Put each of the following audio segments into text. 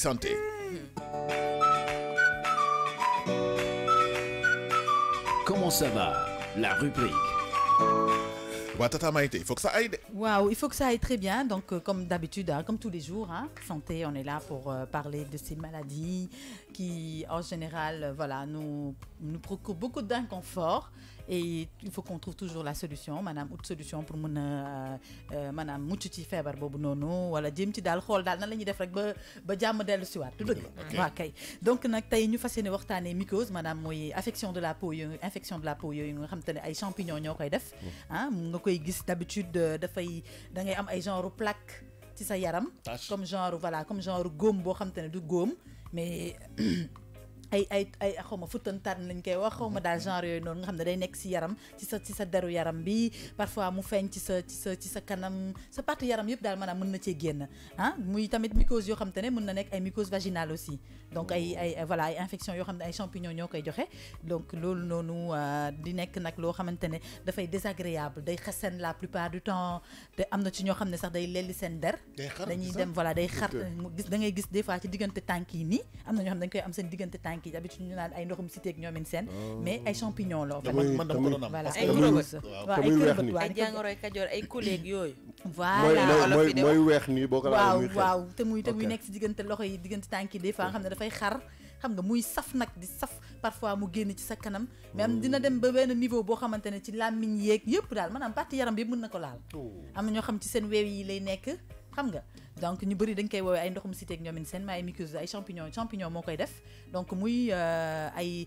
santé. Comment ça va La rubrique. il faut que ça aille. Waouh, il faut que ça aille très bien. Donc, euh, comme d'habitude, hein, comme tous les jours, hein, santé, on est là pour euh, parler de ces maladies qui, en général, euh, voilà, nous, nous procurent beaucoup d'inconfort et il faut qu'on trouve toujours la solution madame autre solution pour mon madame euh, euh, maanaam mucc ci feebar boobu noonu wala jéem ci dal xool dal nan la def rek ba ba jàmm dellu siwaat du dëgg waa kay donc nak tay ñu fas waxtane mycose madame moy affection de la peau infection de la peau yooyu nga xam tane ay champignon ñokay def mm. ah nga koy gis d'habitude euh, fay da ngay am ay genre plaque ci sa yaram comme genre voilà comme genre gomme bo xam tane du gomme mais ay ay ay xawma ma futtantaan lañ koy wax xawma ma daal genre yooyu noonu nga xam ne day nekk si yaram ci sa ci sa deru yaram bi parfois mu feeñ ci sa ci sa ci sa kanam sa partie yaram yëpp daal maanaam mën na cee génn ah muy tamit mycose yoo xam te ne mën na nekk ay mycose vaginale aussi donc ay ay voilà ay infection yoo xam ne ay champignon ñoo koy joxe donc loolu noonu euh, di nekk nag loo xamante ne dafay désagréable day xasen la plupart du temps te am na ci ñoo xam ne sax day lelli seen der dañuy dem voilà day xar gis da ngay gis des fois ci diggante tànk yi nii am na ñoo xam ne dañ koy am seen diggante tànk yi d'habitude ñu naan ay ndoxum cité ak ñoomin seen mais ay champignon la man dama ko weex nii boo ko waaw waaw te muy nekk si diggante loxo yi diggante tànk yi des fois nga xam ne dafay xar xam nga muy saf nag di saf parfois mu génn ci sa kanam mais am oh. dina dem ba benn niveau boo xamante ne ci làmmiñ yeeg yëpp daal maanaam partie yaram bi mën na ko laal oh. am na ñoo xam ci seen weew yi lay nekk xam nga donc ñu bëri dañ koy woowee ay ndoxum cité ak ñoom seen ma ay mucus ay champignon champignon moo koy def donc muy euh, ay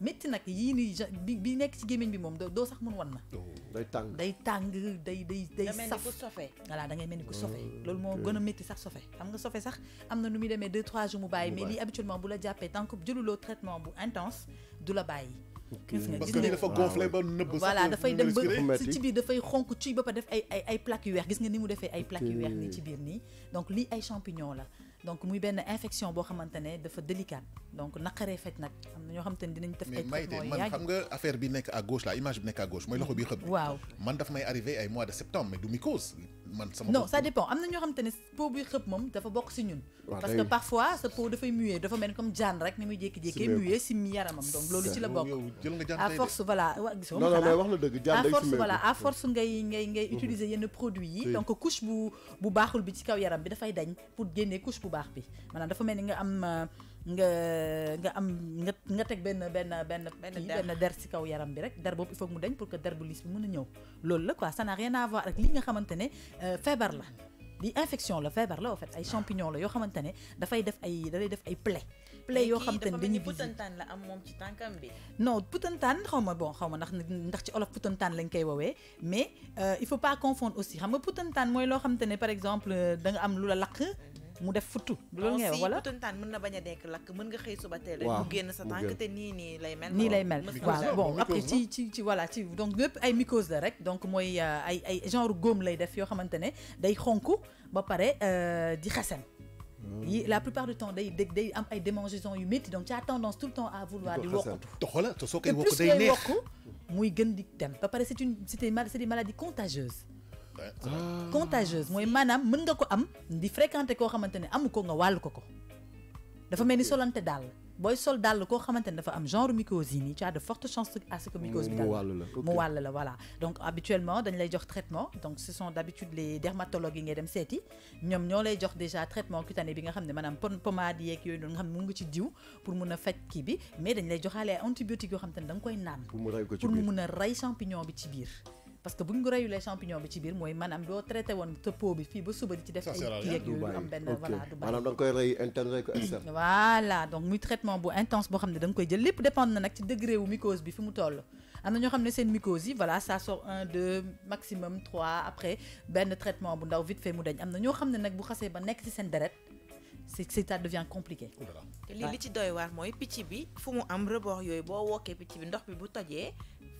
métti nag yii nii bi bi nekk ci gémmiñ bi moom doo sax mën wan na. Oh, day tàng day tàng day day day. saf voilà da ngay mel ni ku oh, sofe loolu moo gën a métti sax sofe xam nga sofe sax am na nu muy demee 2 3 jours mu bàyyi mais lii habituellement bu la jàppee tant que jëluloo traitement bu intense du la bàyyi. parce que dafa gonflé ba nëbb sax voilà euh, dafay dem ba si ci biir dafay xonk cuy ba pa def ay ay ay plaques yu weex gis nga ni mu defee ay plaques yu weex nii ci biir nii donc lii ay champignon la donc muy benn infection boo xamante ne dafa délicate donc naqaree faj nag am na ñoo xamante ne dinañ def ay traitement mais man xam nga affaire bi nekk à gauche la image bi nekk à gauche mooy loxo bi xëpp waaw man daf may arrivé ay mois de septembre mais du mycose man sama non ça dépend am na ñoo xamante ne peau buy xëpp moom dafa bokk si ñun parce que parfois sa peau dafay muet dafa mel comme jaan rek ni muy jékki-jékkee muet si mi yaramam donc loolu ci la bokk à force voilà non non mais wax la dëgg jaan day à force voilà à force ngay ngay ngay utiliser yenn produits yi donc couche bu bu baaxul bi ci kaw yaram bi dafay dañ pour génnee couche bu baax bi maanaam dafa mel ni nga am euh, nga nga am nga nga teg benn benn benn kii benn der si kaw yaram bi rek der boobu il faut mu dañ pour que der bu liis bi mën a ñëw loolu la quoi ça n'a rien à voir ak li nga xamante ne euh, feebar la di infection la feebar la au fait ay champignon la yoo xamante ne dafay def ay dafay def ay plaie plaie yoo xamante ne dañuy putantaan la am moom ci tànkam bi non putantaan xaw ma bon xaw ma ndax ndax ci olof putantaan lañ koy woowee mais euh, il faut pas confondre aussi xam nga putantaan mooy loo xamante ne par exemple da nga am lu la lakk mu def futu. loolu ngay wax wala butantaan mën na baña a lak mën nga xey suba teel rek. mu génn sa tank te ni ni lay mel. nii lay mel waaw bon après ci ci ci voilà ci donc lépp ay mycose la rek donc moy euh, ay ay genre gomme lay def yo xamante day xonku ba paré euh di xasan. Hmm. la plupart du temps day dégg day am ay démangeaisons yu métti donc tu as tendance tout le temps à vouloir di wokkutu doxala te soo koy wokku day neex plus ngay wokku muy gën di dem ba pare c'est une c'est des maladies contagieuses contagieuse moy manam mën nga ko am di fréquenter koo xamante ne amu ko nga wàll ko ko dafa mel ni solante dal booy sol dal koo xamante ne dafa am genre mycose yi nii tu as de fortes chances à ce que mycose bi mu wàll la voilà donc habituellement dañ lay jox traitement donc ce sont d'habitude les dermatologues yi ngay dem seeti ñoom ñoo lay jox déjà traitement cutané bi nga xam ne maanaam pommade yeeg yooyu noonu nga xam ne mu nga ci diw pour mun a faj kii bi mais dañ lay joxaale ay antibiotiques yoo xam te ne da nga koy naan pour mu mun a rey champignon bi ci biir parce que bu ñu reyu les champignons bi ci biir moy manam do traité won te peau bi fi ba suba di ci def ay kii ak yooyu am ben voilà du baax maanaam da koy rey interne rey ko externe voilà donc muy traitement bu intense bo xamné dang koy jël lepp dépend na nak ci degré wu mycose bi fi mu toll amna na xamné xam seen mycose yi voilà ça sort un deux maximum 3 après ben traitement bu ndaw vite fait mu dañ amna na ñoo xam ne bu xasee ba nek ci seen deret c'est ça devient compliqué te li li ci doy war moy picc bi fu mu am rebord yoy bo woké picc bi ndox bi bu tojee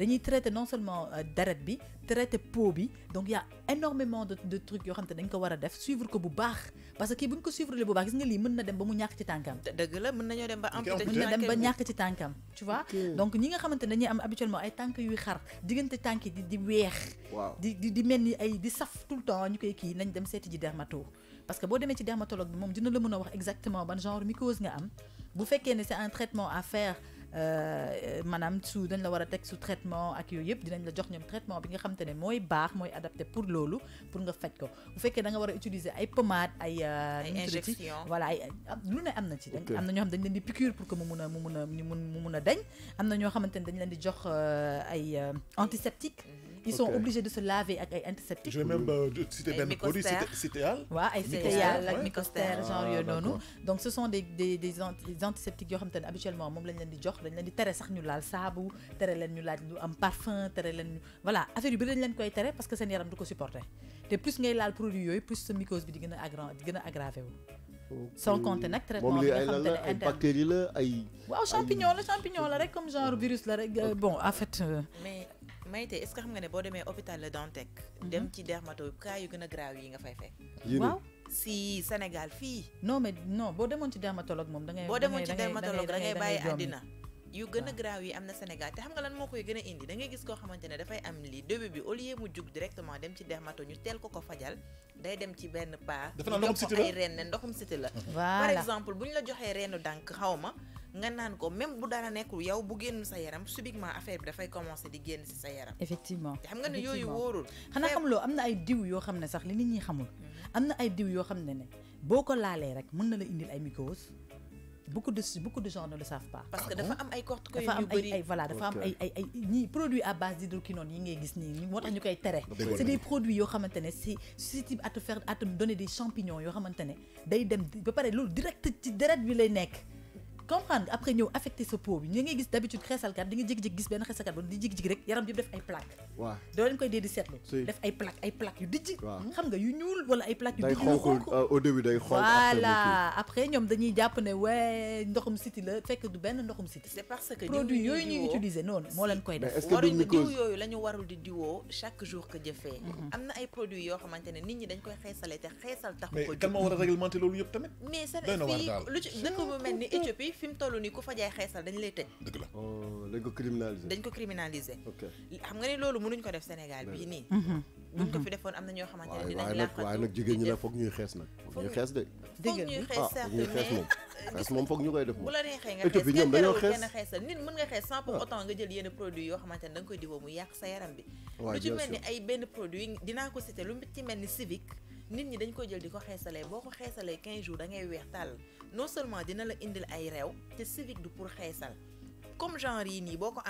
dañuy traiter non seulement euh, deret bi traiter peau bi donc il y' a énormément de de trucs yoo xam te dañ ko war a def suivre ko bu baax parce que kii bu ñu ko suivre le bu baax gis nga lii mën na dem ba mu ñàkk ci tànkam. dëgg la mën nañoo dem ba amputé mën na dem ba ñàkk ci tànkam tu vois. donc ñi nga xamante ne dañuy am habituellement ay tànk yuy xar diggante tànk di di weex. di di di mel ni ay di saf tout le temps ñu koy kii nañ dem seeti ji dermato parce que boo demee ci dermatologue bi moom dina la mën a wax exactement ban genre mycose nga am bu fekkee ne c'est un traitement à faire euh, manam su dañ la war a teg su traitement ak yooyu yëpp dinañ la jox ñoom traitement bi nga xamante ne mooy baax mooy adapté pour loolu pour nga faj ko bu fekkee da nga war a utiliser ay pommade ay. Euh, injection voilà ay lu ne am na ci. am na ñoo xam dañ leen di piqûre pour que mu mun a mu mun a mu mun a dañ am na ñoo xamante ne dañ leen di jox euh, ay antiseptique mm-hmm. Ils sont obligés de se laver avec des antiseptiques. Je vais même citer ben produit citéal. Oui, et citéal, ak micostère, genre yooyu Donc ce sont des des des antiseptiques yoo xam habituellement moom lañ leen di jox dañ leen di tere sax ñu laal saabu tere ñu am parfum tere leen ñu voilà affaire yu bëri dañ leen koy parce que seen yaram du ko supporter te plus ngay laal produit yooyu plus ce mycose bi di gën aggra aggravé sans compter nag traitement bi bactéries la ay. waaw champignons, la champignons, rek comme genre virus la rek euh, bon en fait. Euh, Maïté est-ce xam nga ne boo demee hôpital Le Dantec. Mhm. dem ci dermato cas yu gën a graaw yi nga fay fekk. waaw si Sénégal fii. non mais non boo demoon ci dermatologue moom da ngay boo demoon ci dermatologue da ngay bàyyi àddina. yu gën a graaw yi am na Sénégal te xam nga lan moo koy gën a indi da ngay gis koo xamante ne dafay am lii début bi au lieu mu jug directement dem ci dermato ñu teel ko ko fajal day dem ci benn paa. dafa ndoxum siti la ndoxum siti la. par exemple bu ñu la joxee reenu dànk xaw ma nga naan ko même bu dara nekkul yow bu génn sa yaram subitement affaire bi dafay commencer di génn ci sa yaram. effectivement xam nga ne yooyu wóorul. xanaa xam loo am na ay diw yoo xam ne sax li nit ñi xamul. Mm-hmm. am na ay diw yoo xam ne ne boo ko laalee rek mën na la indil ay mycoses. beaucoup de beaucoup de gens ne le savent pas. parce que ah dafa am ay corticoïdes yu bëri dafa am ay voilà dafa am ay ay ay ñii produits à base d'hydroquinone yi ngay gis nii moo tax ñu koy tere. c'est des produits yoo xamante ne si susceptible à te faire à te donner des champignons yoo xamante ne day dem ba pare loolu direct ci deret bi lay nekk comprendre nga après ñeu affecté ce peau bi ñi ngi gis d'habitude xéssal xeesalkat di nga jékki-jékki gis ben xéssal ba di jékki-jékki rek yaram yëpp def ay plaque waaw do leen koy dee di seetlu def ay plaque ay plaque yu dijji xam nga yu ñuul wala ay plaque yu dijji yu xonk euh, au début day xol voilà après ñom dañuy japp né wé ndoxum city la fekk du ben ndoxum city c'est parce que produit yooyu ñuy utiliser non mo leen koy def waruñu diw yooyu la ñu warul di diwo chaque jour que je mhm. am amna ay produits yo xamantene nit ñi dañ koy xeesalee té xéssal taxu ko mais kan ma war réglementer lolu yëpp tamit mais c'est fii lu ci dëkk bu mel Éthiopie fi mu toll nii ku fa jaay xeesal dañ lay tëj. dëgg la oh, dañ ko criminaliser. dañ ko criminaliser. ok xam nga ni loolu mënuñ ko def Sénégal bii nii. buñ ko fi defoon am na ñoo xamante ne dinañ laaxatu waaye nag jigéen ñi la foog ñuy xees nag. foog ñuy xees de. foog ñuy xees certes mais ah, xees moom foog ñu koy def moom. bu la neexee nga xees kenn dañoo xees kenn xeesal nit mën nga xees sans pour ah. autant nga jël yenn produit yoo xamante ne da nga koy diwoo mu yàq sa yaram bi. lu ci mel ni ay benn produit dinaa ko cité lu ci mel ni civique nit ñi dañ koy jël di ko xeesalee boo ko xeesalee 15 jours da ngay weex tàll non seulement dina la indil ay rew te civique du pour xéssal comme genre yi nii boo ko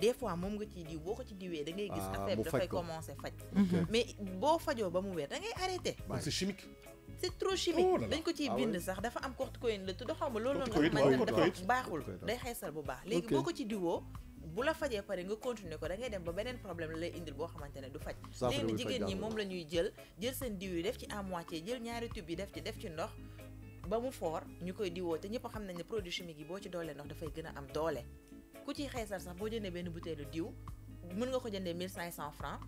des fois mom nga ci di boko ko ci diwee da ngay gis ah, affaire da fay commencer faj mhm. mais bo fajoo ba mu wér da ngay arrêter c'est chimique c'est trop chimique oh dañ ko ciy ah bind sax dafa am corticoïde la tudd xaw ma loolu noonu nga xamante dafa baxul day xéssal bu baax légui boko ko ci diwoo bu la fajee paré nga continuer ko da ngay dem ba benen problème la lay indil bo xamante du faj légui jigen ñi mom lañuy jël jël sen diw def ci à moitié jël ñaari tube yi def ci def ci ndox ba mu fort ñu koy diwoo te ñëpp xam nañ ne produit chimique yi boo ci doolee ndox dafay gën a am doole ku ciy xeesal sax boo jëndee benn bouteille de diw mën nga ko jëndee 1500 francs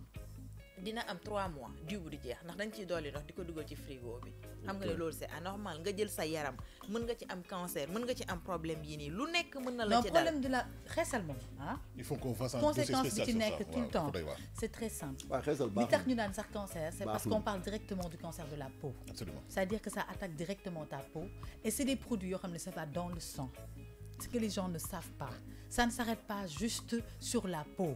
dina am 3 mois diw bu di jeex ndax dañ ci dolli ndox di ko dugal ci frigo bi xam nga ne loolu c'est anormal nga jël sa yaram mën nga ci am cancer mën nga ci am problème yi nii lu nekk mën na la ci dal non problème de la xeesal moom ah il faut qu'on fasse un conséquence bi ci nekk tout le temps c'est très simple li tax ñu naan sax cancer c'est parce qu'on parle directement du cancer de la peau absolument c'est-à-dire que ça attaque directement ta peau et c'est des produits yoo xam ne ça va dans le sang ce que les gens ne savent pas ça ne s'arrête pas juste sur la peau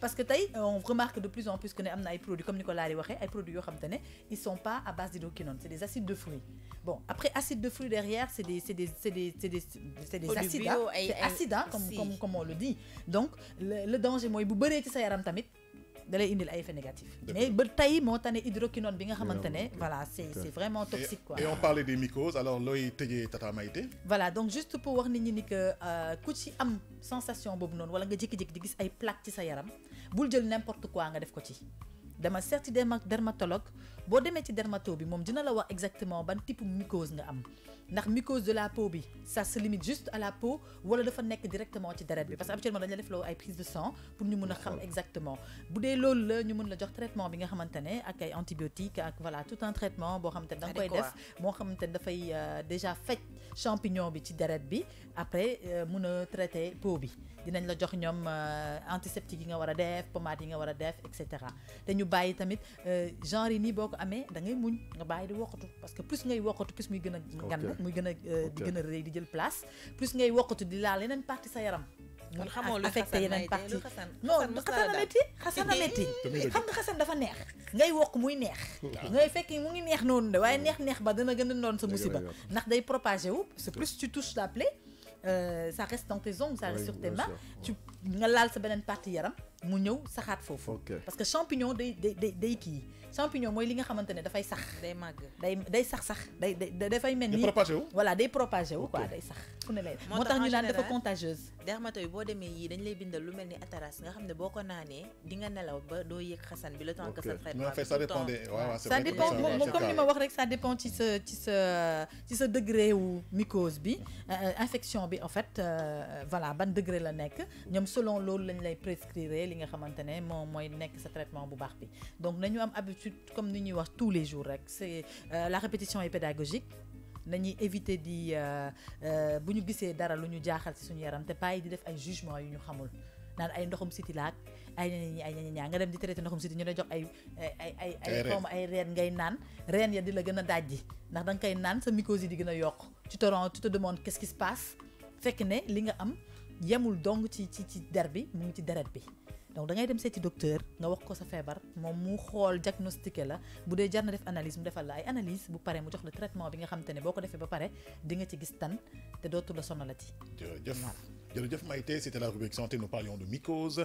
parce que tay euh, on remarque de plus en plus que les am produits comme Nicolas l'a dit, des produits ne sont pas à base d'hydroquinone c'est des acides de fruits bon après acides de fruits derrière c'est des c'est des c'est des c'est des acides hein. hein, comme comme comme on le dit donc le danger moi il bëree ci sa yaram tamit da indil ay effets négatifs. mais ba tay mo tane hydroquinone bi nga xamante voilà c'est c'est vraiment toxique quoi. et on parlait des mycoses alors looy tëjee Tata Maïté. voilà donc juste pour wax nit ñi ni que euh, ku ci am sensation bobu non wala nga jékki-jékki di gis ay plaques ci sa yaram bul jël n'importe quoi nga def ko ci. dama certi dermatologue bo démé ci dermato bi mom dina la wax exactement ban type mycose nga am ndax mycose de la peau bi ça se limite juste à la peau wala dafa nekk directement ci deret bi parce que habituellement dañu la def loo ay prise de sang pour ñu mun xam exactement bu dee loolu la ñu mun la jox traitement bi nga xamante ne ak ay antibiotiques ak voilà tout un traitement boo xamante ne da nga koy def moo xamante ne dafay euh, déjà fait champignon bi ci deret bi après euh, mun a traiter peau bi dinañ la jox ñoom euh, antiseptique yi nga war a def pommade yi nga war def et cetera te ñu bàyyi tamit genre ni nii amé ko amee da ngay muñ nga bàyyi di wokkatu parce que plus ngay wokkatu plus muy gën a muy gën a euh, di di jël place plus ngay wokkatu di partie sa yaram muy affecté yeneen partie non dafa neex ngay muy neex ngay mu ngi neex neex neex ba a sa musiba day plus tu touches la plaie euh, ça reste dans tes ongles ça sur tes mains tu nga laal sa beneen partie mu ñëw saxaat foofu parce que champignon champignon li nga ne dafay sax day màgg day day sax sax day nga temps que ça ça dépend comme degré euh, euh, infection en fait euh, voilà ban degré la selon nga ne traitement donc nañu am habitude comme tous les jours euh, la répétition est pédagogique nañuy éviter di euh, euh, bu ñu gisee dara lu ñu ci suñu yaram te bàyyi di def ay jugement yu xamul ay ndoxum ay ay nga dem di traité ndoxum siti ñu jox ay ay ay ay ay ngay naan tu tu te ce qui se passe ne li donc da ngay dem seeti docteur nga wax ko sa feebar moom mu xool diagnostiqué la bu dee jar na def analyse mu defal la ay analyse bu pare mu jox la traitement bi nga xam te ne boo ko defee ba pare di nga ci gis tan te dootul la sonalati. jërëjëf jërëjëf Maïté c'était la rubrique santé nous parlions de mycose